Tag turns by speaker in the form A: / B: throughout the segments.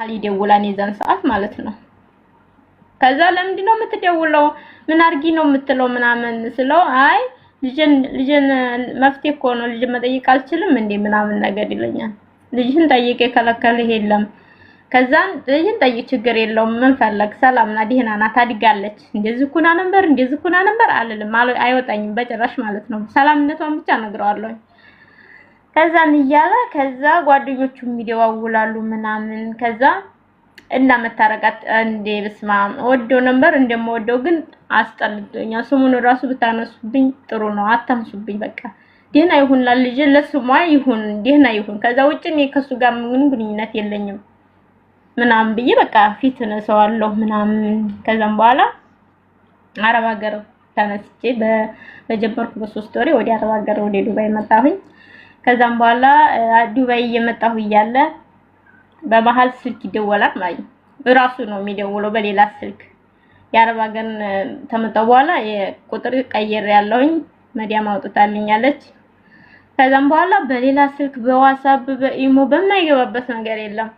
A: ባህል ይደውላል የዛን ሰዓት ማለት ነው። ከዛ ለምንድን ነው የምትደውለው? ምን አድርጊ ነው የምትለው ምናምን ስለው አይ ልጅን ልጅን መፍትሄ እኮ ነው ልጅን መጠየቅ አልችልም እንዴ ምናምን ነገር ይለኛል። ልጅን ጠይቅ የከለከልህ የለም። ከዛን ልጅን ጠይቅ ችግር የለውም ምን ፈለግ፣ ሰላምና ደህና ናት አድጋለች እንደዚህ ኩና ነበር እንደዚህ ኩና ነበር አልልም፣ አይወጣኝም በጭራሽ ማለት ነው። ሰላምነቷን ብቻ ነግረዋለሁ። ከዛን እያለ ከዛ ጓደኞቹም ይደዋውላሉ ምናምን ከዛ እና መታረቃት እንዴ በስማ ወደው ነበር እንደምወደው ግን አስጠልቶኛል። ስሙን ራሱ ብታነሱብኝ ጥሩ ነው፣ አታንሱብኝ። በቃ ደህና ይሁን ላልጅ ለስሟ ይሁን ደህና ይሁን። ከዛ ውጭ እኔ ከሱ ጋር ምን ግንኙነት የለኝም ምናምን ብዬ በቃ ፊት ነሰዋለሁ ምናምን። ከዛም በኋላ አረብ ሀገር ተነስቼ በጀመርኩ በሶስት ወሬ ወደ አረብ ሀገር ወደ ዱባይ መጣሁኝ። ከዛም በኋላ ዱባይ እየመጣሁ እያለ በመሀል ስልክ ይደወላል ማለት ነው። ራሱ ነው የሚደውለው በሌላ ስልክ። የአረብ ሀገር ተመጣሁ በኋላ የቁጥር ቀየር ያለውኝ መዲያም አውጥታልኛለች። ከዛም በኋላ በሌላ ስልክ በዋትስአፕ በኢሞ በማይገባበት ነገር የለም።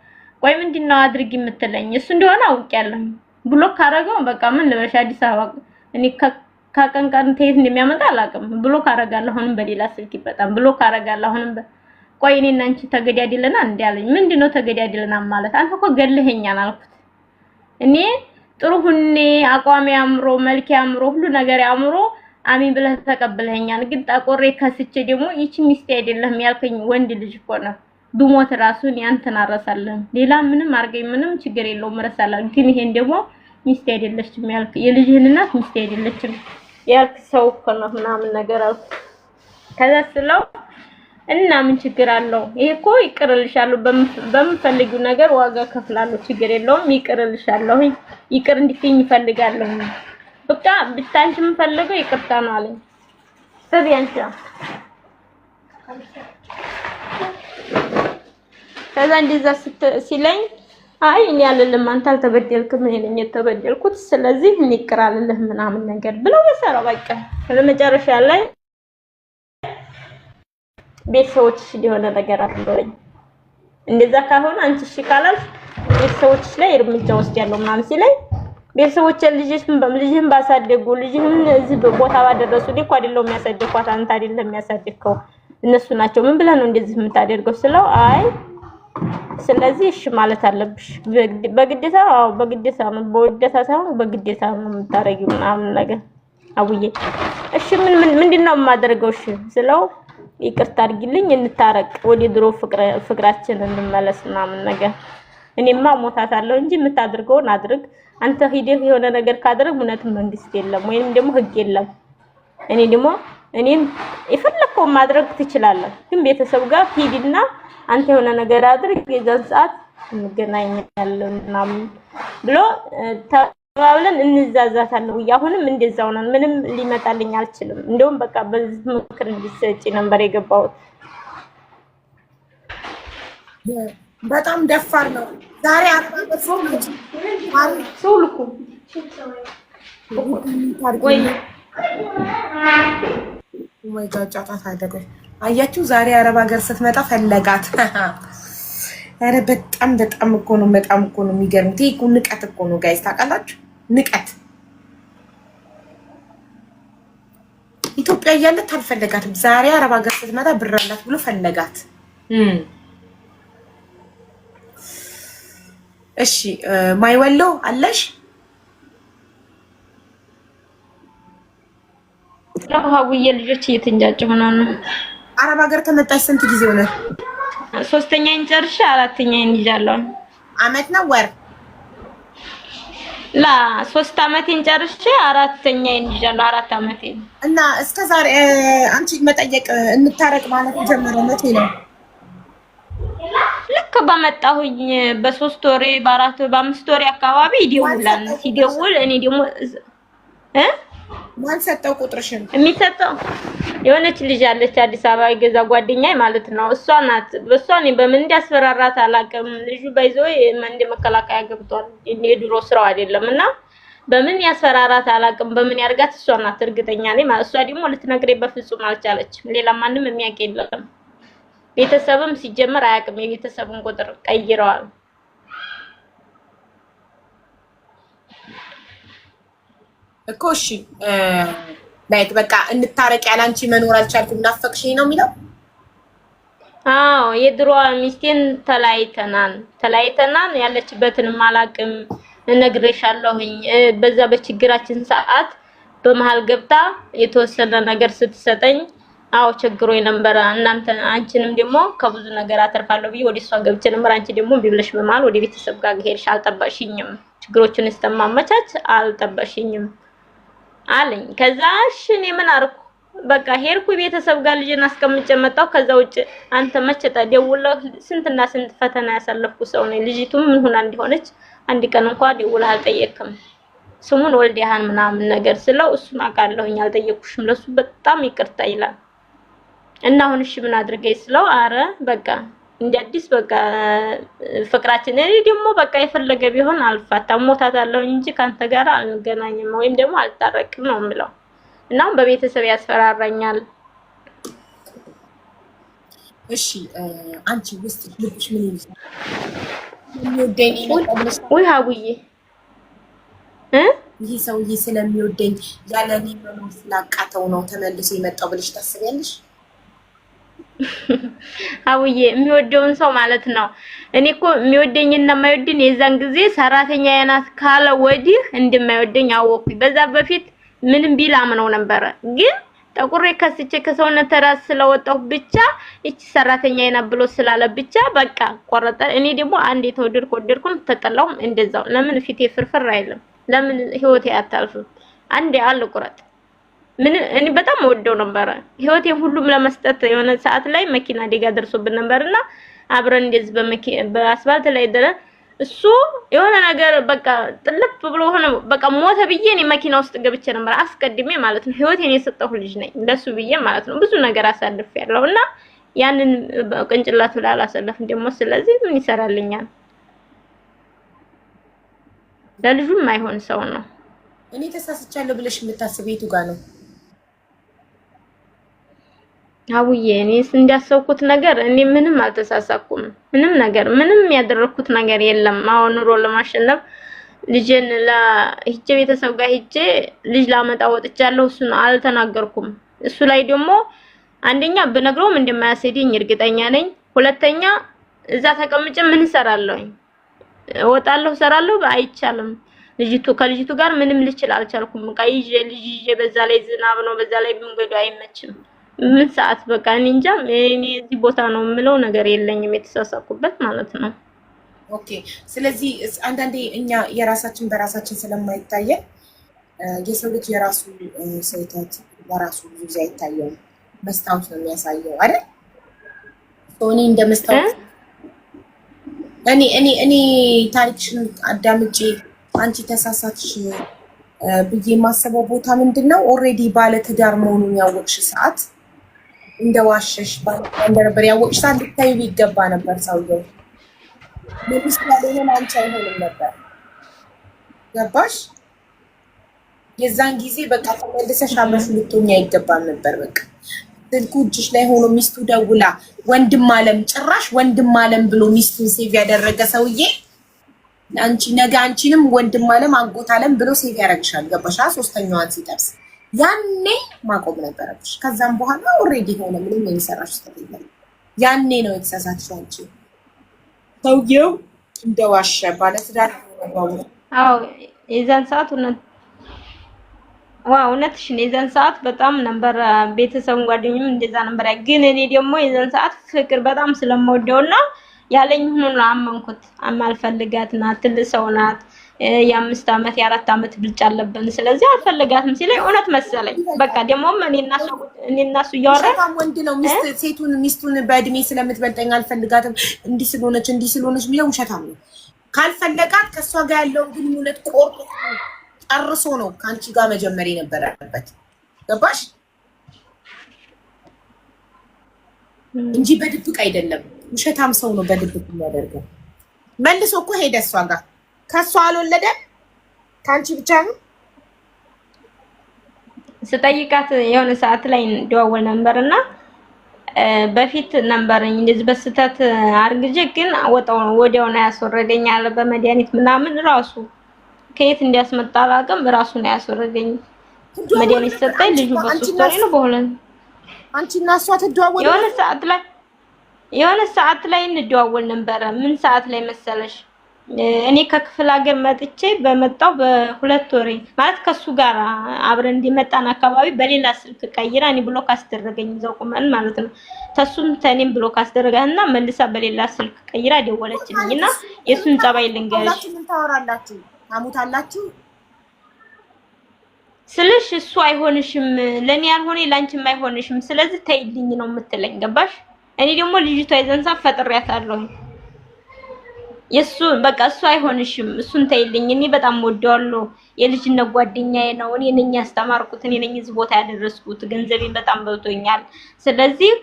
A: ቆይ ምንድን ነው አድርግ የምትለኝ? እሱ እንደሆነ አውቄያለሁ። ብሎክ ካደረገው በቃ ምን ልበሽ አዲስ አበባ እኔ ከቀን ቀን ከየት እንደሚያመጣ አላውቅም። ብሎክ አደርጋለሁ፣ አሁንም በሌላ ስልክ ይበጣም ብሎክ አደርጋለሁ፣ አሁንም ቆይ እኔና አንቺ ተገዳድለና እንዳለኝ ምንድን ነው ተገዳድለና ማለት አንተ እኮ ገድለኸኛል አልኩት። እኔ ጥሩ ሁኔ አቋሚ አምሮ መልክ አምሮ ሁሉ ነገር አምሮ አሚን ብለህ ተቀብለኸኛል። ግን ጠቆሬ ከስቼ ደግሞ ይቺ ሚስቴ አይደለም ያልከኝ ወንድ ልጅ እኮ ነው ብሞት ራሱን ያንተን አረሳለሁ። ሌላ ምንም አርገኝ ምንም ችግር የለውም እረሳለሁ። ግን ይሄን ደግሞ ሚስቴ አይደለችም ያልከኝ የልጅህን እናት ሚስቴ አይደለችም ያልክ ሰው እኮ ነው ምናምን ነገር አልኩ። ከዛ ስለው እና ምን ችግር አለው? ይሄ እኮ ይቅርልሻለሁ፣ በምፈልጊው ነገር ዋጋ ከፍላለሁ፣ ችግር የለውም፣ ይቅርልሻለሁ። ይቅር እንድትይኝ ይፈልጋለሁ። በቃ ብታንቺ የምፈልገው ይቅርታ ነው አለኝ። በቢያንቺ ከዛ እንደዛ ሲለኝ አይ እኔ አልልም፣ አንተ አልተበደልክም፣ እኔ ነኝ የተበደልኩት፣ ስለዚህ እኔ ይቅር አልልህም ምናምን ነገር ብለው በሰራው በቃ ለመጨረሻ ላይ ቤተሰቦችሽ የሆነ ነገር አትበለኝ፣ እንደዛ ካልሆነ አንቺ እሺ ካላልሽ ቤተሰቦችሽ ላይ እርምጃ ወስጃለሁ ምናምን ሲለኝ ቤተሰቦች ልጅሽን ልጅህን ባሳደጉ ልጅህም እዚህ ቦታ ባደረሱ እኮ አይደለም የሚያሳድግኳት አንተ አይደለም የሚያሳድግከው እነሱ ናቸው። ምን ብለህ ነው እንደዚህ የምታደርገው ስለው አይ ስለዚህ እሺ ማለት አለብሽ። በግዴታ አዎ፣ በግዴታ ነው፣ በውደታ ሳይሆን በግዴታ ነው የምታረጊው ምናምን ነገር አቡዬ። እሺ ምን ምን ምንድን ነው የማደርገው? እሺ ስለው ይቅርታ አድርጊልኝ፣ እንታረቅ፣ ወደ ድሮ ፍቅራችን እንመለስ ምናምን ነገር። እኔማ ሞታታለሁ እንጂ የምታደርገውን አድርግ አንተ። ሂደህ የሆነ ነገር ካደረግ እውነት መንግስት የለም ወይንም ደግሞ ህግ የለም። እኔ ደግሞ እኔን የፈለግከውን ማድረግ ትችላለህ፣ ግን ቤተሰብ ጋር ሂድና አንተ የሆነ ነገር አድርግ፣ የዛን ሰዓት እንገናኛለን ምናምን ብሎ ተባብለን እንዛዛታለሁ። አሁንም እንደዛው ነን። ምንም ሊመጣልኝ አልችልም። እንደውም በቃ በዚህ ምክር እንዲሰጪ ነበር የገባሁት።
B: በጣም ደፋር ነው። ዛሬ ሰው ልኩ ወይ ጫጫታ ታደገ አያችሁ፣ ዛሬ አረብ ሀገር ስትመጣ ፈለጋት። ኧረ በጣም በጣም እኮ ነው በጣም እኮ ነው የሚገርምት። ይሄ እኮ ንቀት እኮ ነው ጋይስ፣ ታውቃላችሁ? ንቀት ኢትዮጵያ እያለች አልፈለጋትም። ዛሬ አረብ ሀገር ስትመጣ ብር አላት ብሎ ፈለጋት። እሺ ማይወሎ አለሽ?
A: ሀውዬ ልጆች እየተንጫጭ ሆነ ነው
B: አረብ ሀገር ከመጣሽ ስንት ጊዜ ሆነ?
A: ሶስተኛዬን ጨርሼ አራተኛዬን ይዣለሁ።
B: አመት ነው ወር
A: ላ ሶስት አመቴን ጨርሼ አራተኛዬን ይዣለሁ። አራት
B: አመቴን እና እስከ ዛሬ አንቺ መጠየቅ እንታረቅ ማለት ጀመረ መቼ ነው?
A: ልክ በመጣሁኝ በሶስት ወሬ በአራት በአምስት ወሬ አካባቢ ይደውላል። ሲደውል እኔ ደግሞ
B: እ ማን ሰጠው
A: ቁጥርሽን የሚሰጠው የሆነች ልጅ ያለች አዲስ አበባ የገዛ ጓደኛዬ ማለት ነው። እሷ ናት። እሷ እኔ በምን እንዲያስፈራራት አላውቅም። ልጁ ባይዞ መንድ መከላከያ ገብቷል። የድሮ ስራው አይደለም እና በምን ያስፈራራት አላውቅም። በምን ያርጋት እሷ ናት። እርግጠኛ ነኝ ማለት እሷ ደግሞ ልትነግረኝ በፍጹም አልቻለችም። ሌላ ማንም የሚያውቅ የለም። ቤተሰብም ሲጀመር አያውቅም። የቤተሰብን ቁጥር ቀይረዋል።
B: እኮ እሺ ላይክ በቃ እንታረቅ ያላንቺ መኖር አልቻልኩም ናፈቅሽኝ ነው የሚለው።
A: አዎ የድሮ ሚስቴን ተለያይተናል ተለያይተናል ያለችበትን አላቅም እነግርሻለሁኝ። በዛ በችግራችን ሰዓት በመሀል ገብታ የተወሰነ ነገር ስትሰጠኝ አዎ ቸግሮ ነበረ። እናንተ አንቺንም ደግሞ ከብዙ ነገር አተርፋለሁ ብዬ ወደ እሷ ገብቼ ነበር። አንቺ ደግሞ ቢብለሽ ብለሽ በመሀል ወደ ቤተሰብ ጋር ሄድሽ። አልጠበቅሽኝም። ችግሮችን እስተማመቻች አልጠበቅሽኝም። አለኝ። ከዛ እሺ እኔ ምን አርኩ? በቃ ሄድኩ ቤተሰብ ጋር ልጅን አስቀምጬ መጣሁ። ከዛ ውጭ አንተ መቸጣ ደውለህ ስንትና ስንት ፈተና ያሳለፍኩ ሰው ነኝ። ልጅቱ ምን ሆና እንዲሆነች አንድ ቀን እንኳን ደውለህ አልጠየቅም። ስሙን ወልዲያህን ምናምን ነገር ስለው እሱን አውቃለሁኝ አልጠየቅኩሽም፣ ለሱ በጣም ይቅርታ ይላል እና አሁን እሺ ምን አድርገኝ ስለው አረ በቃ እንደ አዲስ በቃ ፍቅራችን እኔ ደግሞ በቃ የፈለገ ቢሆን አልፋታም ሞታታለሁ እንጂ ከአንተ ጋር አልገናኝም ወይም ደግሞ አልታረቅም ነው የምለው። እናም በቤተሰብ ያስፈራራኛል።
B: እሺ አንቺ ውስጥ ልብሽ ምን ይመስላል? ሀቡዬ ይህ ሰውዬ ስለሚወደኝ ያለኔ መኖር ስላቃተው ነው ተመልሶ የመጣው ብለሽ ታስቢያለሽ?
A: አውዬ የሚወደውን ሰው ማለት ነው። እኔ እኮ የሚወደኝና የማይወደኝ የዛን ጊዜ ሰራተኛ ናት ካለ ወዲህ እንደማይወደኝ አወቅኩኝ። በዛ በፊት ምንም ቢል አምነው ነበረ ግን ጠቁሬ ከስቼ ከሰውነት ተራስ ስለወጣሁ ብቻ እቺ ሰራተኛ አይና ብሎ ስላለ ብቻ በቃ ቆረጠ። እኔ ደግሞ አንድ የተወደድኩ ወደድኩም ተጠላሁም እንደዛው። ለምን ፊቴ ፍርፍር አይልም? ለምን ህይወቴ አታልፍም? አንዴ አለ ቁረጥ ምን እኔ በጣም ወደው ነበረ ህይወቴን ሁሉም ለመስጠት የሆነ ሰዓት ላይ መኪና አደጋ ደርሶብን ነበርና አብረን እንደዚህ በአስፋልት ላይ ደረ እሱ የሆነ ነገር በቃ ጥልፍ ብሎ ሆነ በቃ ሞተ ብዬ እኔ መኪና ውስጥ ገብቼ ነበር አስቀድሜ ማለት ነው። ህይወቴን የሰጠሁ ልጅ ነኝ ለሱ ብዬ ማለት ነው። ብዙ ነገር አሳልፍ ያለው እና ያንን ቅንጭላቱ ላይ አላሳለፍም ደግሞ ስለዚህ ምን ይሰራልኛል? ለልጁም አይሆን ሰው ነው።
B: እኔ ተሳስቻለሁ ብለሽ የምታስብ የቱ ጋር ነው?
A: አውዬ እኔ እንዳሰብኩት ነገር እኔ ምንም አልተሳሳኩም። ምንም ነገር ምንም ያደረኩት ነገር የለም። አሁን ኑሮ ለማሸነፍ ልጄን ሂጄ ቤተሰብ ጋር ሂጄ ልጅ ላመጣ ወጥቻለሁ። እሱን አልተናገርኩም። እሱ ላይ ደግሞ አንደኛ ብነግረውም እንደማያስሄድኝ እርግጠኛ ነኝ። ሁለተኛ እዛ ተቀምጬ ምን እሰራለሁኝ? እወጣለሁ፣ እሰራለሁ። አይቻልም። ልጅቱ ከልጅቱ ጋር ምንም ልችል አልቻልኩም። በቃ ልጅ ይዤ በዛ ላይ ዝናብ ነው፣ በዛ ላይ መንገዱ አይመችም። ምን ሰዓት በቃ እኔ እንጃ። እኔ እዚህ ቦታ ነው የምለው ነገር የለኝም የተሳሳኩበት ማለት
B: ነው። ኦኬ። ስለዚህ አንዳንዴ እኛ የራሳችን በራሳችን ስለማይታየን የሰው ልጅ የራሱ ስህተት በራሱ ብዙ ጊዜ አይታየውም። መስታወት ነው የሚያሳየው አይደል?
A: እኔ እንደ መስታወት
B: እኔ እኔ እኔ ታሪክሽን አዳምጬ አንቺ ተሳሳትሽ ብዬ የማስበው ቦታ ምንድን ነው ኦልሬዲ ባለ ትዳር መሆኑን ያወቅሽ ሰዓት እንደዋሸሽ ዋሸሽ እንደነበር ያወቅሽ ልታዩ ይገባ ነበር። ሰውየው ንጉስ ያለሆን አንቺ አይሆንም ነበር። ገባሽ? የዛን ጊዜ በቃ ተመልሰሽ አመሹ ልትሆኚ አይገባም ነበር። በቃ ስልኩ እጅሽ ላይ ሆኖ ሚስቱ ደውላ ወንድም አለም ጭራሽ ወንድም አለም ብሎ ሚስቱን ሴቭ ያደረገ ሰውዬ አንቺ ነገ አንቺንም ወንድም አለም አጎት አለም ብሎ ሴቭ ያደረግሻል። ገባሽ? ሶስተኛዋን ሲጠርስ ያኔ ማቆም ነበረብሽ። ከዛም በኋላ ኦሬዲ ሆነ ምንም የሚሰራሽ ስለሌለ ያኔ ነው የተሳሳትሽው አንቺ። ሰውየው እንደዋሸ ባለትዳር
A: አዎ፣ የዛን ሰዓት እውነት ዋው እውነትሽን። የዛን ሰዓት በጣም ነበር ቤተሰቡን ጓደኛም እንደዛ ነበር። ግን እኔ ደግሞ የዛን ሰዓት ፍቅር በጣም ስለምወደውና ያለኝ ሁሉ አመንኩት። አማልፈልጋት ናት፣ ትልቅ ሰው ናት የአምስት ዓመት የአራት ዓመት ብልጫ አለብን፣ ስለዚህ አልፈልጋትም ሲለኝ እውነት መሰለኝ። በቃ ደግሞም እኔ እና እሱ
B: እያወራን ወንድ ነው ሴቱን ሚስቱን በእድሜ ስለምትበልጠኝ አልፈልጋትም፣ እንዲህ ስለሆነች እንዲህ ስለሆነች የሚለው ውሸታም ነው። ካልፈለጋት ከእሷ ጋር ያለውን ግንኙነት ቆርጦ ጨርሶ ነው ከአንቺ ጋር መጀመር የነበረበት። ገባሽ እንጂ በድብቅ አይደለም። ውሸታም ሰው ነው በድብቅ የሚያደርገው። መልሶ እኮ ሄደ እሷ ጋር ከእሷ አልወለደም ከአንቺ ብቻ ነው።
A: ስጠይቃት የሆነ ሰዓት ላይ ደዋወል ነበር እና በፊት ነበረኝ እንደዚህ በስተት አርግጄ ግን ወጣው ወዲያውኑ ያስወረደኝ አለ በመድኃኒት ምናምን ራሱ ከየት እንዲያስመጣ አላውቅም። ራሱ ነው ያስወረደኝ። መድኃኒት ሰጠኝ። ልጁ በሱ ስቶሪ ነው በሁለት
B: አንቺ እና እሷ ትደዋወል
A: የሆነ ሰዓት ላይ የሆነ ሰዓት ላይ እንደዋወል ነበረ። ምን ሰዓት ላይ መሰለሽ? እኔ ከክፍል ሀገር መጥቼ በመጣው በሁለት ወሬ ማለት ከሱ ጋር አብረን እንዲመጣን አካባቢ በሌላ ስልክ ቀይራ እኔ ብሎክ አስደረገኝ። እዛው ቁመን ማለት ነው። ተሱም ተኔም ብሎክ እና መልሳ በሌላ ስልክ ቀይራ እና የሱን ጸባይ ልንገርሽ።
B: ምን ታወራላችሁ? ታሙታላችሁ
A: ስልሽ እሱ አይሆንሽም፣ ለኔ ያልሆነ ላንቺም አይሆንሽም፣ ስለዚህ ተይልኝ ነው የምትለኝ። ገባሽ? እኔ ደግሞ ልጅቷ የዘንሳ ፈጥሬያታለሁ የሱ በቃ እሱ አይሆንሽም፣ እሱን ተይልኝ። እኔ በጣም ወደዋለሁ። የልጅነት ጓደኛዬ ነው። እኔ ነኝ ያስተማርኩት፣ እኔ ነኝ እዚህ ቦታ ያደረስኩት። ገንዘቤን በጣም በልቶኛል። ስለዚህ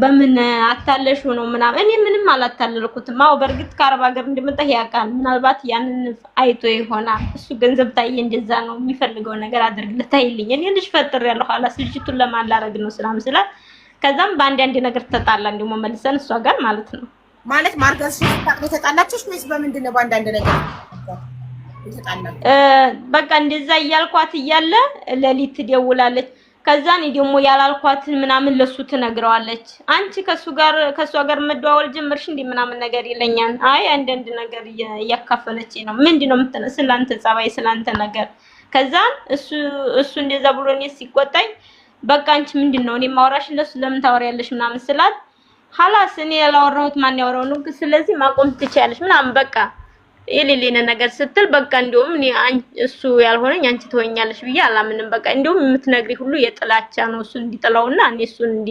A: በምን አታለሽ ነው ምናምን። እኔ ምንም አላታለልኩትም። አዎ በእርግጥ ከአረብ ሀገር እንደመጣህ ያውቃል። ምናልባት ያንን አይቶ ይሆናል እሱ ገንዘብ ታየ፣ እንደዛ ነው የሚፈልገው ነገር አድርግለት፣ ተይልኝ። እኔ ልጅ ፈጥር ያለሁ ኋላስ ልጅቱን ለማላረግ ነው ስላም ስላት፣ ከዛም በአንድ አንድ ነገር ተጣላን፣ ደግሞ መልሰን እሷ
B: ጋር ማለት ነው ማለት ማርገዝሽ የተጣላችሽ ወይስ በምንድን ነው? በአንዳንድ ነገር
A: በቃ እንደዛ እያልኳት እያለ ሌሊት ትደውላለች። ከዛ እኔ ደግሞ ያላልኳትን ምናምን ለሱ ትነግረዋለች። አንቺ ከሱ ጋር ከሱ ጋር መደዋወል ጀመርሽ እንዴ ምናምን ነገር ይለኛል። አይ አንዳንድ ነገር እያካፈለች ነው። ምንድነው የምትነ ስላንተ ጸባይ፣ ስላንተ ነገር። ከዛ እሱ እሱ እንደዛ ብሎ እኔ ሲቆጣኝ በቃ አንቺ ምንድነው እኔ ማውራሽ ለሱ ለምን ታወሪያለሽ ምናምን ስላት ሀላስ እኔ ያላወራሁት ማን ያወራው ነው? ስለዚህ ማቆም ትችያለሽ ምናምን በቃ የሌሌነ ነገር ስትል በቃ እንዲሁም እሱ ያልሆነኝ አንቺ ትሆኛለሽ ብዬ አላምንም። በቃ እንዲሁም የምትነግሪ ሁሉ የጥላቻ ነው። እሱ እንዲጥላውና እኔ እሱ እንዲ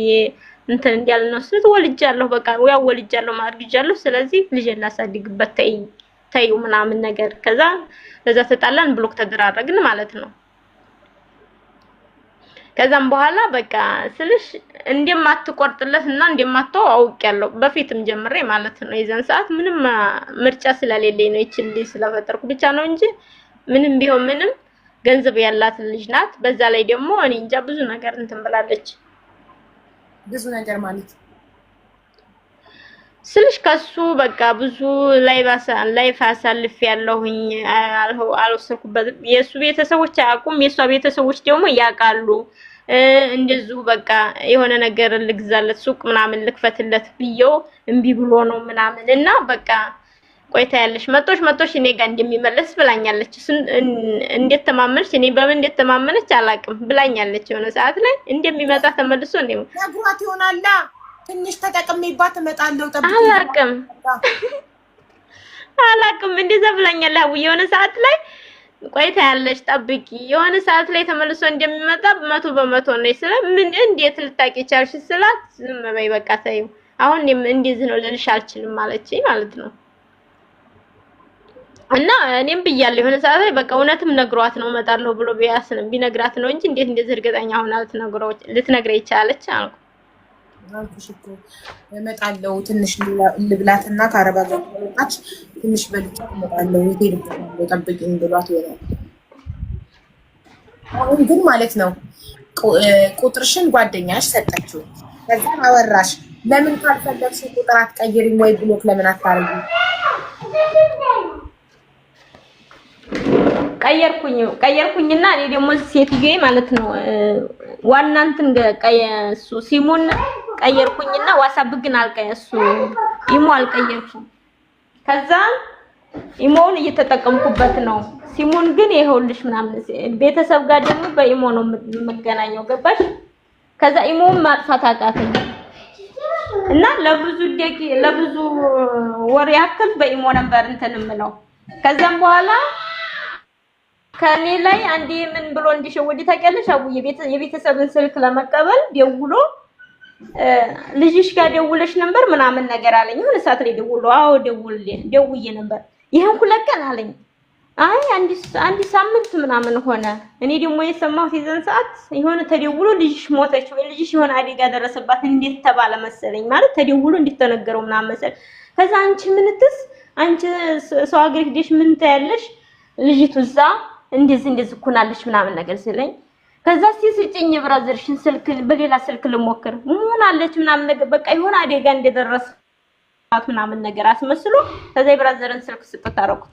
A: እንትን እንዲያል ነው ስለት ወልጃለሁ። በቃ ያው ወልጃለሁ፣ ማርግጃለሁ። ስለዚህ ልጅ ላሳድግበት ተይ ተይው ምናምን ነገር ከዛ በዛ ተጣላን፣ ብሎክ ተደራረግን ማለት ነው። ከዛም በኋላ በቃ ስልሽ እንደማትቆርጥለት እና እንደማትተው አውቄያለሁ። በፊትም ጀምሬ ማለት ነው። የዛን ሰዓት ምንም ምርጫ ስለሌለኝ ነው ይቺ ልጅ ስለፈጠርኩ ብቻ ነው እንጂ ምንም ቢሆን ምንም ገንዘብ ያላት ልጅ ናት። በዛ ላይ ደግሞ እኔ እንጃ ብዙ ነገር እንትን ብላለች።
B: ብዙ ነገር ማለት
A: ስልሽ ከሱ በቃ ብዙ ላይፍ አሳልፍ ያለሁኝ አልወሰድኩበትም። የእሱ ቤተሰቦች አያውቁም፣ የእሷ ቤተሰቦች ደግሞ ያውቃሉ። እንደዚሁ በቃ የሆነ ነገር ልግዛለት ሱቅ ምናምን ልክፈትለት ብየው እምቢ ብሎ ነው ምናምን እና በቃ ቆይታ ያለሽ መጦች መጦች እኔ ጋር እንደሚመለስ ብላኛለች። እንዴት ተማመነች? እኔ በምን እንዴት ተማመነች አላውቅም ብላኛለች። የሆነ ሰዓት ላይ እንደሚመጣ ተመልሶ እንደ
B: ነግሯት ይሆናላ ትንሽ ተጠቅሜባት እመጣለሁ።
A: አላቅም አላቅም እንደዛ ብላኛል። አቡ የሆነ ሰዓት ላይ ቆይታ ያለች ጠብቂ፣ የሆነ ሰዓት ላይ ተመልሶ እንደሚመጣ መቶ በመቶ ነች። ስለ ምን እንዴት ልታቂ ቻልሽ ስላት ዝም በይ በቃ ተይው፣ አሁን እንደዚህ ነው ልልሽ አልችልም ማለት ነው። እና እኔም ብያለሁ የሆነ ሰዓት ላይ በቃ እውነትም ነግሯት ነው እመጣለሁ ብሎ ቢያስንም ቢነግራት ነው እንጂ እንዴት እንደዚህ እርግጠኛ ሆና ልትነግረው ይቻለች አልኩ።
B: አልኩሽ እኮ እመጣለሁ። ትንሽ ልብላት እና ከአረብ አገር መጣች። ትንሽ በልቼ እመጣለሁ። ሆቴል ጠብቂኝ ብሏት ይሆናል። አሁን ግን ማለት ነው ቁጥርሽን ጓደኛሽ ሰጠችው። ከዛ አወራሽ። ለምን ካልፈለግሽ ቁጥር አትቀይሪም ወይ ብሎክ ለምን አታርጊ?
A: ቀየርኩኝ ቀየርኩኝና እኔ ደግሞ ሴትዬ ማለት ነው ዋና እንትን ሲሙን ቀየርኩኝና ዋሳብ ግን አልቀየሱ ኢሞ አልቀየርኩም። ከዛ ኢሞውን እየተጠቀምኩበት ነው። ሲሙን ግን ይኸውልሽ ምናምን ቤተሰብ ጋር ደግሞ በኢሞ ነው የምገናኘው። ገባሽ? ከዛ ኢሞውን ማጥፋት አቃተኝ እና ለብዙ ደቂ ለብዙ ወር ያክል በኢሞ ነበር እንትን ነው ከዛም በኋላ ከኔ ላይ አንዴ ምን ብሎ እንዲሸወድ ታውቂያለሽ? አቡዬ የቤተሰብን ስልክ ለመቀበል ደውሎ ልጅሽ ጋር ደውለሽ ነበር ምናምን ነገር አለኝ። ምን ሰዓት ላይ ደውሎ? አዎ ደውዬ ነበር። ይሄን ሁለት ቀን አለኝ። አይ አንድ ሳምንት ምናምን ሆነ። እኔ ደግሞ የሰማሁት የዘን ሰዓት የሆነ ተደውሎ ልጅሽ ሞተች ወይ ልጅሽ የሆነ አደጋ ደረሰባት እንዴት ተባለ መሰለኝ፣ ማለት ተደውሎ እንዴት ተነገረው ምናምን መሰል። ከዛ አንቺ ምንትስ አንቺ ሰው አገር ሂደሽ ምን ታያለሽ? ልጅቱ እዛ እንደዚህ እንደዚህ እኮ ናለች ምናምን ነገር ሲለኝ ከዛ እስኪ ስጭኝ ብራዘርሽን ስልክ በሌላ ስልክ ልሞክር ምን አለች ምናምን ነገር በቃ የሆነ አደጋ እንደደረሰ ምናምን ነገር አስመስሎ ከዛ የብራዘርን ስልክ ስጥት አደረኩት።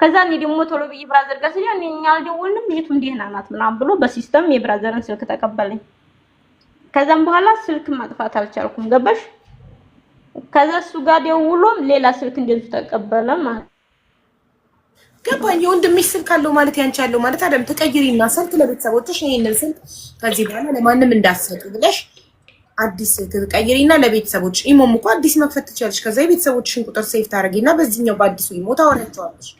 A: ከዛ እኔ ደግሞ ቶሎ ብዬ ብራዘር ጋር ስለ እኔ እኛ አልደወልንም ልጅቱም ደህና ናት ምናምን ብሎ በሲስተም የብራዘርን ስልክ ተቀበለኝ። ከዛም በኋላ ስልክ ማጥፋት አልቻልኩም። ገባሽ? ከዛ እሱ ጋር ደውሎም ሌላ ስልክ እንደዚህ ተቀበለ ማለት
B: ገባኝ። የወንድምሽ ስልክ አለው ማለት ያንቺ አለው ማለት አይደለም። ተቀይሪና ስልክ ለቤተሰቦችሽ ይሄንን ስልክ ከዚህ በኋላ ለማንም እንዳትሰጡ ብለሽ አዲስ ስልክ ትቀይሪና ለቤተሰቦች ኢሞም እኮ አዲስ መክፈት ትችላለሽ። ከዛ የቤተሰቦችሽን ቁጥር ሴፍ ታደርጊና በዚህኛው በአዲሱ ኢሞ ታወራቸዋለሽ።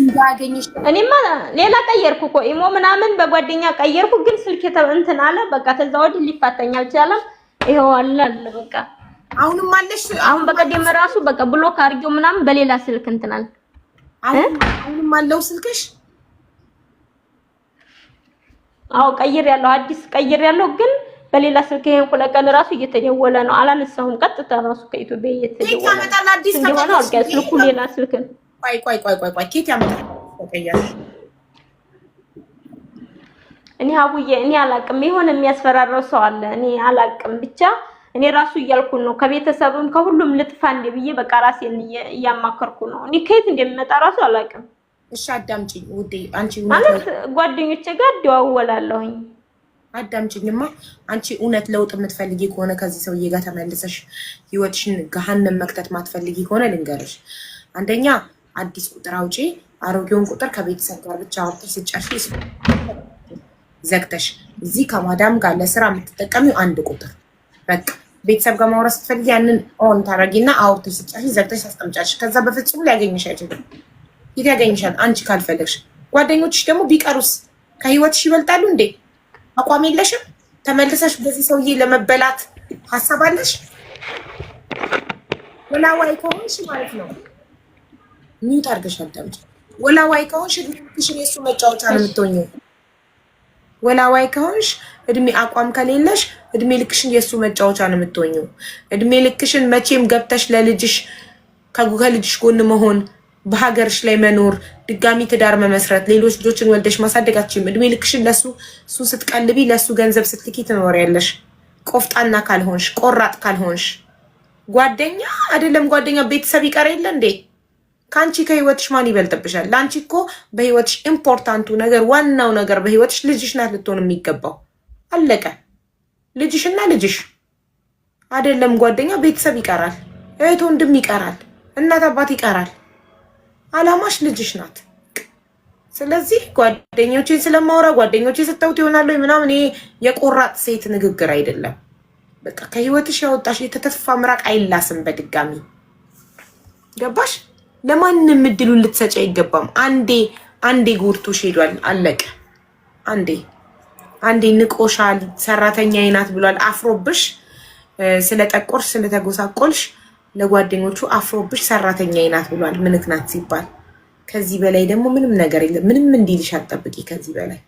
A: እንዳገኘሽ እኔማ ሌላ ቀየርኩ እኮ ኢሞ ምናምን በጓደኛ ቀየርኩ፣ ግን ስልክ እንትን አለ በቃ። ከዛ ወዲህ ሊፋተኛ አልቻለም። ይኸው አለ አለ በቃ። አሁንም አለሽ። አሁን በቀደም ራሱ በቃ ብሎክ አድርጌው ምናምን በሌላ ስልክ እንትን አለ
B: አሁንም አለው ስልክሽ?
A: አዎ ቀይር ያለው አዲስ ቀይር ያለው ግን በሌላ ስልክ ይሄን ሁለት ቀን ራሱ እየተደወለ ነው። አላነሳሁም። ቀጥታ ራሱ
B: ከኢትዮጵያ እየተደወለ ስልኩ ሌላ ስልክ ነው።
A: እኔ አቡዬ እኔ አላቅም። የሆነ የሚያስፈራራው ሰው አለ። እኔ አላቅም ብቻ እኔ ራሱ እያልኩን ነው ከቤተሰብም ከሁሉም ልጥፋ እንደ ብዬ በቃ ራሴን እያማከርኩ ነው። እኔ ከየት እንደሚመጣ ራሱ አላውቅም።
B: እሺ አዳምጪኝ ውዴ፣ አንቺ
A: ማለት ጓደኞቼ ጋር እደዋወላለሁኝ።
B: አዳምጪኝማ አንቺ እውነት ለውጥ የምትፈልጊ ከሆነ ከዚህ ሰውዬ ጋር ተመልሰሽ ህይወትሽን ገሃነም መክተት ማትፈልጊ ከሆነ ልንገርሽ፣ አንደኛ አዲስ ቁጥር አውጪ። አሮጌውን ቁጥር ከቤተሰብ ጋር ብቻ አውጥተሽ ስጨርሽ ዘግተሽ፣ እዚህ ከማዳም ጋር ለስራ የምትጠቀሚው አንድ ቁጥር በቃ ቤተሰብ ጋር ማውራት ስትፈልጊ ያንን ኦን ታደርጊና አውርተሽ ስጨርሽ ዘግተሽ ታስቀምጫለሽ። ከዛ በፍጹም ሊያገኝሽ አይችልም። የት ያገኝሻል? አንቺ ካልፈለግሽ። ጓደኞችሽ ደግሞ ቢቀሩስ ከህይወትሽ ይበልጣሉ እንዴ? አቋም የለሽም? ተመልሰሽ በዚህ ሰውዬ ለመበላት ሀሳብ አለሽ? ወላዋይ ከሆንሽ ማለት ነው። ሚዩት አድርገሽ አዳምጪ። ወላዋይ ከሆንሽ ሽን የሱ መጫወቻ ነው የምትሆኘው። ወላዋይ ከሆንሽ እድሜ አቋም ከሌለሽ እድሜ ልክሽን የእሱ መጫወቻ ነው እድሜ ልክሽን መቼም ገብተሽ ለልጅሽ ከልጅሽ ጎን መሆን በሀገርሽ ላይ መኖር ድጋሚ ትዳር መመስረት ሌሎች ልጆችን ወልደሽ ማሳደጋችም እድሜ ልክሽን ለሱ እሱን ስትቀልቢ ለሱ ገንዘብ ስትልኪ ትኖሪያለሽ። ቆፍጣና ካልሆንሽ፣ ቆራጥ ካልሆንሽ ጓደኛ አይደለም ጓደኛ ቤተሰብ ይቀር የለ እንዴ? ከአንቺ ከህይወትሽ ማን ይበልጥብሻል? ለአንቺ እኮ በህይወትሽ ኢምፖርታንቱ ነገር ዋናው ነገር በህይወትሽ ልጅሽ ናት ልትሆን የሚገባው። አለቀ። ልጅሽና ልጅሽ አይደለም ጓደኛ፣ ቤተሰብ ይቀራል፣ እህት ወንድም ይቀራል፣ እናት አባት ይቀራል። አላማሽ ልጅሽ ናት። ስለዚህ ጓደኞቼን ስለማውራ ጓደኞቼ ስተውት ይሆናሉ ምናምን፣ ይሄ የቆራጥ ሴት ንግግር አይደለም። በቃ ከህይወትሽ ያወጣሽ የተተፋ ምራቅ አይላስም በድጋሚ ገባሽ? ለማንም እድሉን ልትሰጪ አይገባም። አንዴ አንዴ ጎድቶሽ ሄዷል፣ አለቀ። አንዴ አንዴ ንቆሻል፣ ሰራተኛ አይናት ብሏል፣ አፍሮብሽ ስለጠቆርሽ ስለተጎሳቆልሽ ለጓደኞቹ አፍሮብሽ ሰራተኛ አይናት ብሏል። ምንክ ናት ሲባል ከዚህ በላይ ደግሞ ምንም ነገር የለም። ምንም እንዲልሽ አትጠብቂ። ከዚህ በላይ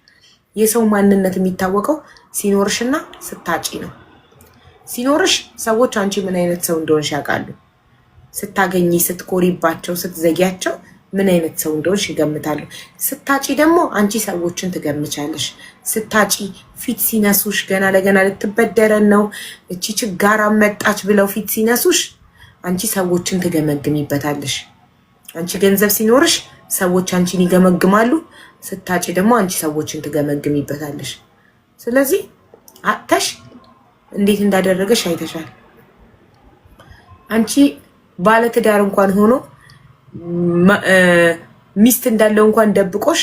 B: የሰው ማንነት የሚታወቀው ሲኖርሽና ስታጪ ነው። ሲኖርሽ ሰዎች አንቺ ምን አይነት ሰው እንደሆንሽ ያውቃሉ። ስታገኝ ስትኮሪባቸው ስትዘጊያቸው ምን አይነት ሰው እንደሆንሽ ይገምታሉ። ስታጪ ደግሞ አንቺ ሰዎችን ትገምቻለሽ። ስታጪ ፊት ሲነሱሽ ገና ለገና ልትበደረን ነው እቺ ችጋራ መጣች ብለው ፊት ሲነሱሽ አንቺ ሰዎችን ትገመግሚበታለሽ። አንቺ ገንዘብ ሲኖርሽ ሰዎች አንቺን ይገመግማሉ። ስታጪ ደግሞ አንቺ ሰዎችን ትገመግሚበታለሽ። ስለዚህ አጥተሽ እንዴት እንዳደረገሽ አይተሻል አንቺ ባለትዳር እንኳን ሆኖ ሚስት እንዳለው እንኳን ደብቆሽ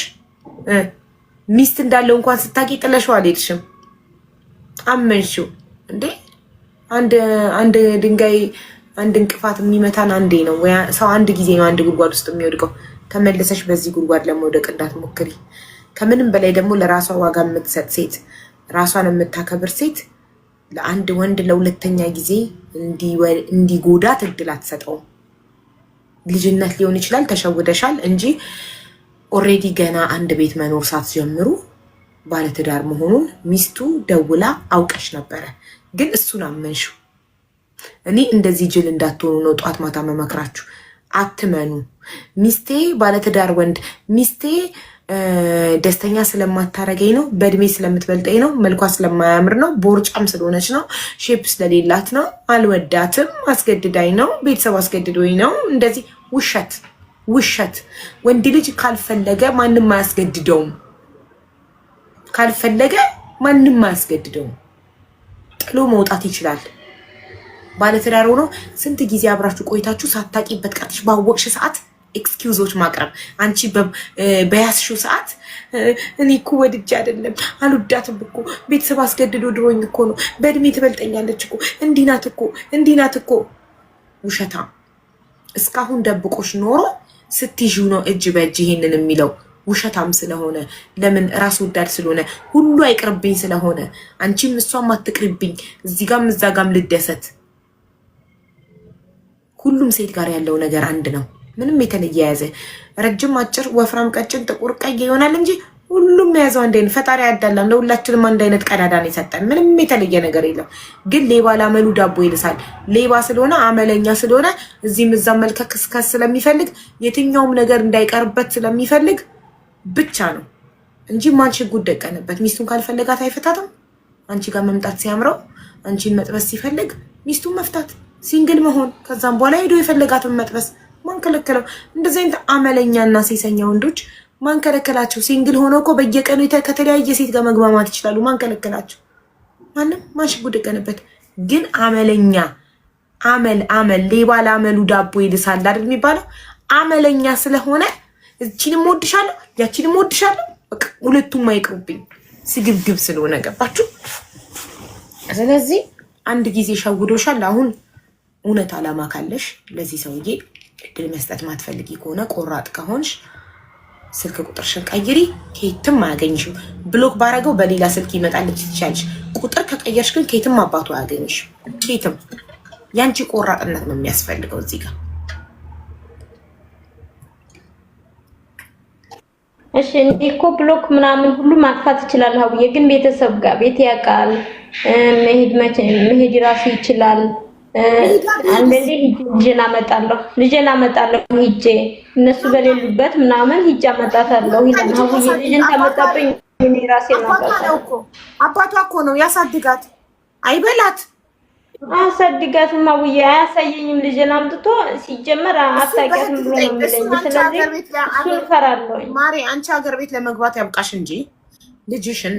B: ሚስት እንዳለው እንኳን ስታቂ ጥለሽው አልሄድሽም። አመንሽው እንዴ? አንድ አንድ ድንጋይ አንድ እንቅፋት የሚመታን አንዴ ነው። ሰው አንድ ጊዜ ነው አንድ ጉድጓድ ውስጥ የሚወድቀው። ተመለሰሽ በዚህ ጉድጓድ ለመውደቅ እንዳትሞክሪ። ከምንም በላይ ደግሞ ለራሷ ዋጋ የምትሰጥ ሴት፣ ራሷን የምታከብር ሴት ለአንድ ወንድ ለሁለተኛ ጊዜ እንዲጎዳት እድል አትሰጠውም። ልጅነት ሊሆን ይችላል፣ ተሸውደሻል እንጂ ኦሬዲ ገና አንድ ቤት መኖር ሳትጀምሩ ባለትዳር መሆኑን ሚስቱ ደውላ አውቀሽ ነበረ፣ ግን እሱን አመንሽው። እኔ እንደዚህ ጅል እንዳትሆኑ ነው ጧት ማታ መመክራችሁ። አትመኑ። ሚስቴ ባለትዳር ወንድ ሚስቴ ደስተኛ ስለማታረገኝ ነው፣ በእድሜ ስለምትበልጠኝ ነው፣ መልኳ ስለማያምር ነው፣ ቦርጫም ስለሆነች ነው፣ ሼፕ ስለሌላት ነው፣ አልወዳትም፣ አስገድዳኝ ነው፣ ቤተሰብ አስገድዶኝ ነው። እንደዚህ ውሸት ውሸት። ወንድ ልጅ ካልፈለገ ማንም አያስገድደውም። ካልፈለገ ማንም አያስገድደውም። ጥሎ መውጣት ይችላል። ባለትዳር ሆኖ ስንት ጊዜ አብራችሁ ቆይታችሁ ሳታቂበት ቀርተሽ ባወቅሽ ሰዓት ኤክስኪውዞች ማቅረብ አንቺ በያዝሽው ሰዓት እኔ እኮ ወድጄ አይደለም አልወዳትም እኮ ቤተሰብ አስገድዶ ድሮኝ እኮ ነው። በእድሜ ትበልጠኛለች እኮ እንዲህ ናት እኮ እንዲህ ናት እኮ። ውሸታም እስካሁን ደብቆች ኖሮ ስትይዥው ነው እጅ በእጅ ይሄንን የሚለው ውሸታም ስለሆነ ለምን ራስ ወዳድ ስለሆነ ሁሉ አይቅርብኝ ስለሆነ አንቺም እሷም አትቅርብኝ፣ እዚህ ጋም እዛ ጋም ልደሰት። ሁሉም ሴት ጋር ያለው ነገር አንድ ነው። ምንም የተለየ የያዘ ረጅም፣ አጭር፣ ወፍራም፣ ቀጭን፣ ጥቁር፣ ቀይ ይሆናል እንጂ ሁሉም የያዘው አንድ አይነት ፈጣሪ ያዳላም። ለሁላችንም አንድ አይነት ቀዳዳን የሰጠን ምንም የተለየ ነገር የለም። ግን ሌባ ላመሉ ዳቦ ይልሳል። ሌባ ስለሆነ አመለኛ ስለሆነ እዚህም እዛም መልከክ ስለሚፈልግ የትኛውም ነገር እንዳይቀርበት ስለሚፈልግ ብቻ ነው እንጂ ማን ሽጉጥ ደቀንበት። ሚስቱን ካልፈለጋት አይፈታትም። አንቺ ጋር መምጣት ሲያምረው አንቺን መጥበስ ሲፈልግ ሚስቱን መፍታት ሲንግል መሆን ከዛም በኋላ ሄዶ የፈለጋትን መጥበስ ማንከለከለው? እንደዚህ አይነት አመለኛ እና ሴሰኛ ወንዶች ማንከለከላቸው? ሲንግል ሆኖ እኮ በየቀኑ ከተለያየ ሴት ጋር መግባባት ይችላሉ። ማንከለከላቸው? ማንም ማሽ ቀንበት። ግን አመለኛ አመል አመል ሌባ ለአመሉ ዳቦ ይልሳል አይደል የሚባለው? አመለኛ ስለሆነ እችንም ወድሻለሁ ያችንም ወድሻለሁ ሁለቱም አይቅሩብኝ ስግብግብ ስለሆነ ገባችሁ። ስለዚህ አንድ ጊዜ ሸውዶሻል። አሁን እውነት አላማ ካለሽ ለዚህ ሰውዬ እድል መስጠት ማትፈልጊ ከሆነ ቆራጥ ከሆንሽ ስልክ ቁጥርሽን ቀይሪ፣ ከየትም አያገኝሽም። ብሎክ ባረገው በሌላ ስልክ ይመጣልሽ ትችያለሽ። ቁጥር ከቀየርሽ ግን ከየትም አባቱ አያገኝሽም። ከየትም ያንቺ ቆራጥነት ነው የሚያስፈልገው እዚህ ጋር።
A: እሺ እኔ እኮ ብሎክ ምናምን ሁሉ ማጥፋት እችላለሁ፣ ግን ቤተሰብ ጋር ቤት ያውቃል መሄድ መሄድ ራሱ ይችላል አንዳንዴ ልጄን አመጣለሁ ልጄን አመጣለሁ ሂጄ እነሱ በሌሉበት ምናምን ሂጄ አመጣታለሁ ይላል። አሁን ልጅን
B: ታመጣብኝ እኔ ራሴ ነው አባቷ እኮ ነው ያሳድጋት፣ አይበላት
A: አያሳድጋትም። አቡዬ አያሳየኝም። ልጄን አምጥቶ ሲጀመር አታውቂያትም ብሎ ነው የሚለኝ። ስለዚህ እሱን እፈራለሁ። ማሪ አንቺ ሀገር ቤት ለመግባት ያብቃሽ
B: እንጂ ልጅሽን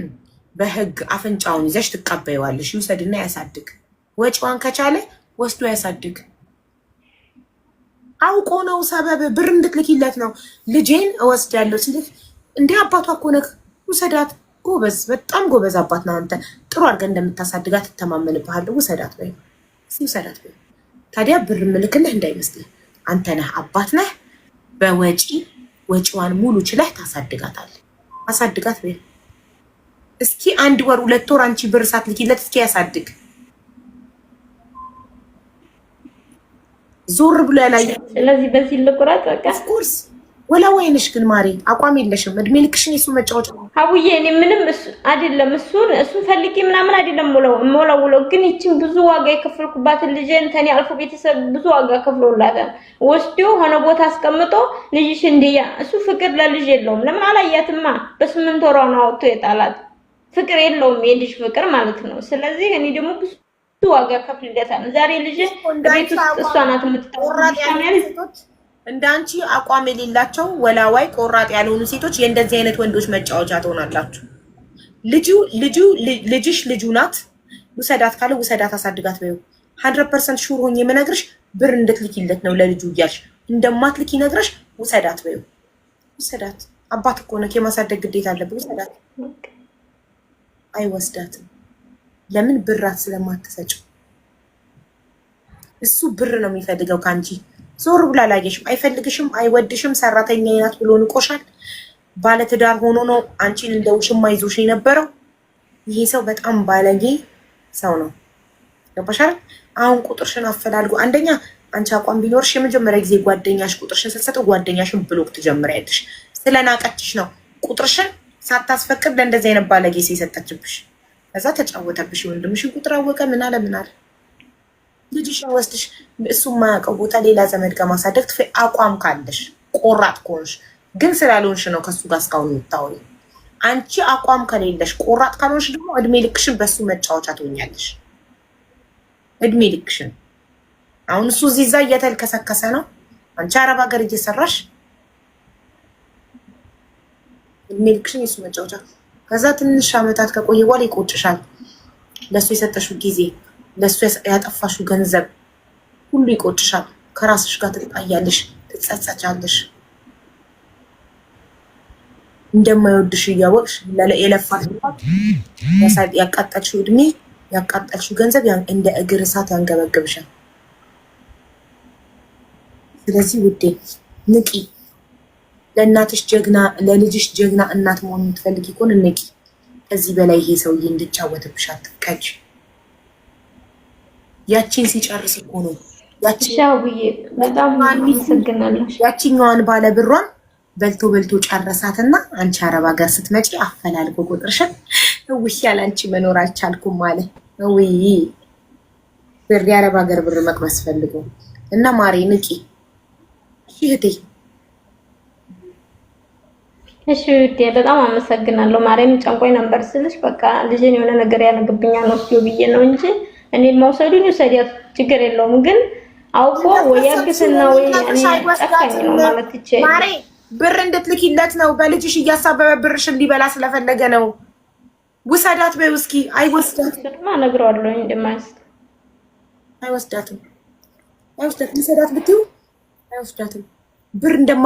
B: በህግ አፍንጫውን ይዘሽ ትቀበይዋለሽ። ይውሰድና ያሳድግ ወጪዋን ከቻለ ወስዶ ያሳድግ። አውቆ ነው ሰበብ ብር እንድትልክለት ነው። ልጄን እወስዳለሁ ሲልክ እንደ አባቷ እኮ ነህ፣ ውሰዳት። ጎበዝ፣ በጣም ጎበዝ አባት ነው አንተ። ጥሩ አድርገህ እንደምታሳድጋት ትተማመንብሃለሁ። ውሰዳት ወይ ውሰዳት ወይ። ታዲያ ብር ምልክልህ እንዳይመስልህ፣ አንተ ነህ አባት ነህ። በወጪ ወጪዋን ሙሉ ችለህ ታሳድጋታል። አሳድጋት ወይ እስኪ አንድ ወር ሁለት ወር አንቺ ብር ሳትልኪለት እስኪ ያሳድግ። ዞር ብሎ
A: ያላየ። ስለዚህ በዚህ ልቁረጥ በቃ።
B: ኦፍኮርስ ወላ ወይንሽ ግን ማሪ አቋም የለሽም። እድሜ ልክሽን የሱ መጫወጫ
A: ሀቡዬ። እኔ ምንም አይደለም እሱን እሱን ፈልጌ ምናምን አይደለም ሞላውለው፣ ግን ይችን ብዙ ዋጋ የከፈልኩባትን ልጄን ከኔ አልፎ ቤተሰብ ብዙ ዋጋ ከፍሎላታል። ወስዶ ሆነ ቦታ አስቀምጦ ልጅሽ እንዲያ እሱ ፍቅር ለልጅ የለውም። ለምን አላያትማ? በስምንት ወሯ ነው አውጥቶ የጣላት። ፍቅር የለውም የልጅ ፍቅር ማለት ነው። ስለዚህ እኔ ደግሞ ብዙ ዋጋ ከፍልለታል። ዛሬ ልጅ ቤት ውስጥ እሷ
B: ናት የምትጠራሴቶች እንደ አቋም የሌላቸው ወላዋይ ቆራጥ ያልሆኑ ሴቶች የእንደዚህ አይነት ወንዶች መጫወቻ ትሆናላችሁ። ልጁ ልጁ ልጅሽ ልጁ ናት። ውሰዳት ካለ ውሰዳት፣ አሳድጋት በይው። ሀንድረድ ፐርሰንት ሹር ሆኜ የምነግርሽ ብር እንድትልኪለት ነው ለልጁ እያልሽ እንደማትልኪ ነግረሽ ውሰዳት በይው። ውሰዳት፣ አባት እኮ ነህ፣ የማሳደግ ግዴታ አለብህ። ውሰዳት። አይወስዳትም ለምን ብራት ስለማትሰጭው እሱ ብር ነው የሚፈልገው ከአንቺ። ዞር ብሎ አላየሽም፣ አይፈልግሽም፣ አይወድሽም፣ ሰራተኛ ናት ብሎ ንቆሻል። ባለትዳር ሆኖ ነው አንቺን እንደ ውሽማ ይዞሽ የነበረው። ይሄ ሰው በጣም ባለጌ ሰው ነው። ገባሻል? አሁን ቁጥርሽን አፈላልጎ አንደኛ አንቺ አቋም ቢኖርሽ የመጀመሪያ ጊዜ ጓደኛሽ ቁጥርሽን ስትሰጥ ጓደኛሽን ብሎክ ትጀምሪያለሽ። ስለናቀችሽ ነው ቁጥርሽን ሳታስፈቅድ ለእንደዚህ አይነት ባለጌ ሰው የሰጠችብሽ። ከዛ ተጫወተብሽ። የወንድምሽን ቁጥር አወቀ። ምን አለ ምን አለ ልጅሽን ወስድሽ እሱ የማያውቀው ቦታ ሌላ ዘመድ ጋር ማሳደግ ትፈ አቋም ካለሽ ቆራጥ ከሆንሽ ግን ስላልሆንሽ ነው ከሱ ጋር እስካሁን የምታወሪው። አንቺ አቋም ከሌለሽ ቆራጥ ካልሆንሽ ደግሞ እድሜ ልክሽን በእሱ መጫወቻ ትሆኛለሽ። እድሜ ልክሽን አሁን እሱ እዚህ እዛ እየተልከሰከሰ ነው። አንቺ አረብ ሀገር እየሰራሽ እድሜ ልክሽን የእሱ መጫወቻ ከዛ ትንሽ ዓመታት ከቆየ በኋላ ይቆጭሻል። ለእሱ የሰጠሽው ጊዜ፣ ለእሱ ያጠፋሽው ገንዘብ ሁሉ ይቆጭሻል። ከራስሽ ጋር ትጣያለሽ፣ ትጸጸቻለሽ። እንደማይወድሽ እያወቅሽ የለፋሽ ያቃጠልሽው እድሜ ያቃጠልሽው ገንዘብ እንደ እግር እሳት ያንገበግብሻል። ስለዚህ ውዴ ንቂ። ለእናትሽ ጀግና ለልጅሽ ጀግና እናት መሆን የምትፈልግ ይኮን ንቂ። ከዚህ በላይ ይሄ ሰውዬ እንድጫወትብሽ አትቀጅ። ያቺን ሲጨርስ እኮ ነው ያቺኛዋን ባለ ብሯን በልቶ በልቶ ጨረሳትና አንቺ አረብ ሀገር ስትመጪ አፈላልጎ ቁጥርሽን እውሽ ያለ አንቺ መኖር አልቻልኩም አለ። ውይ ብር የአረብ ሀገር ብር መቅመስ ፈልጎ እና ማሬ ንቂ እህቴ
A: እሺ ውዴ በጣም አመሰግናለሁ። ማርያም ጨንቆኝ ነበር ስልሽ በቃ ልጄን የሆነ ነገር ያደርግብኛል ወስዶ ብዬ ነው እንጂ እኔ መውሰዱን ይውሰዳት ችግር የለውም። ግን አውቆ ወይ ያግዝና
B: ወይ እኔ ጨካኝ ነው ማለት ይቼ ማሬ ብር እንድትልኪለት ነው። በልጅሽ እያሳበበ ብርሽ እንዲበላ ስለፈለገ ነው። ውሰዳት በይው እስኪ።
A: አይወስዳት ማ እነግረዋለሁ እንደማይወስድ
B: አይወስዳትም። አይወስዳት ውሰዳት ብትይው አይወስዳትም ብር እንደማ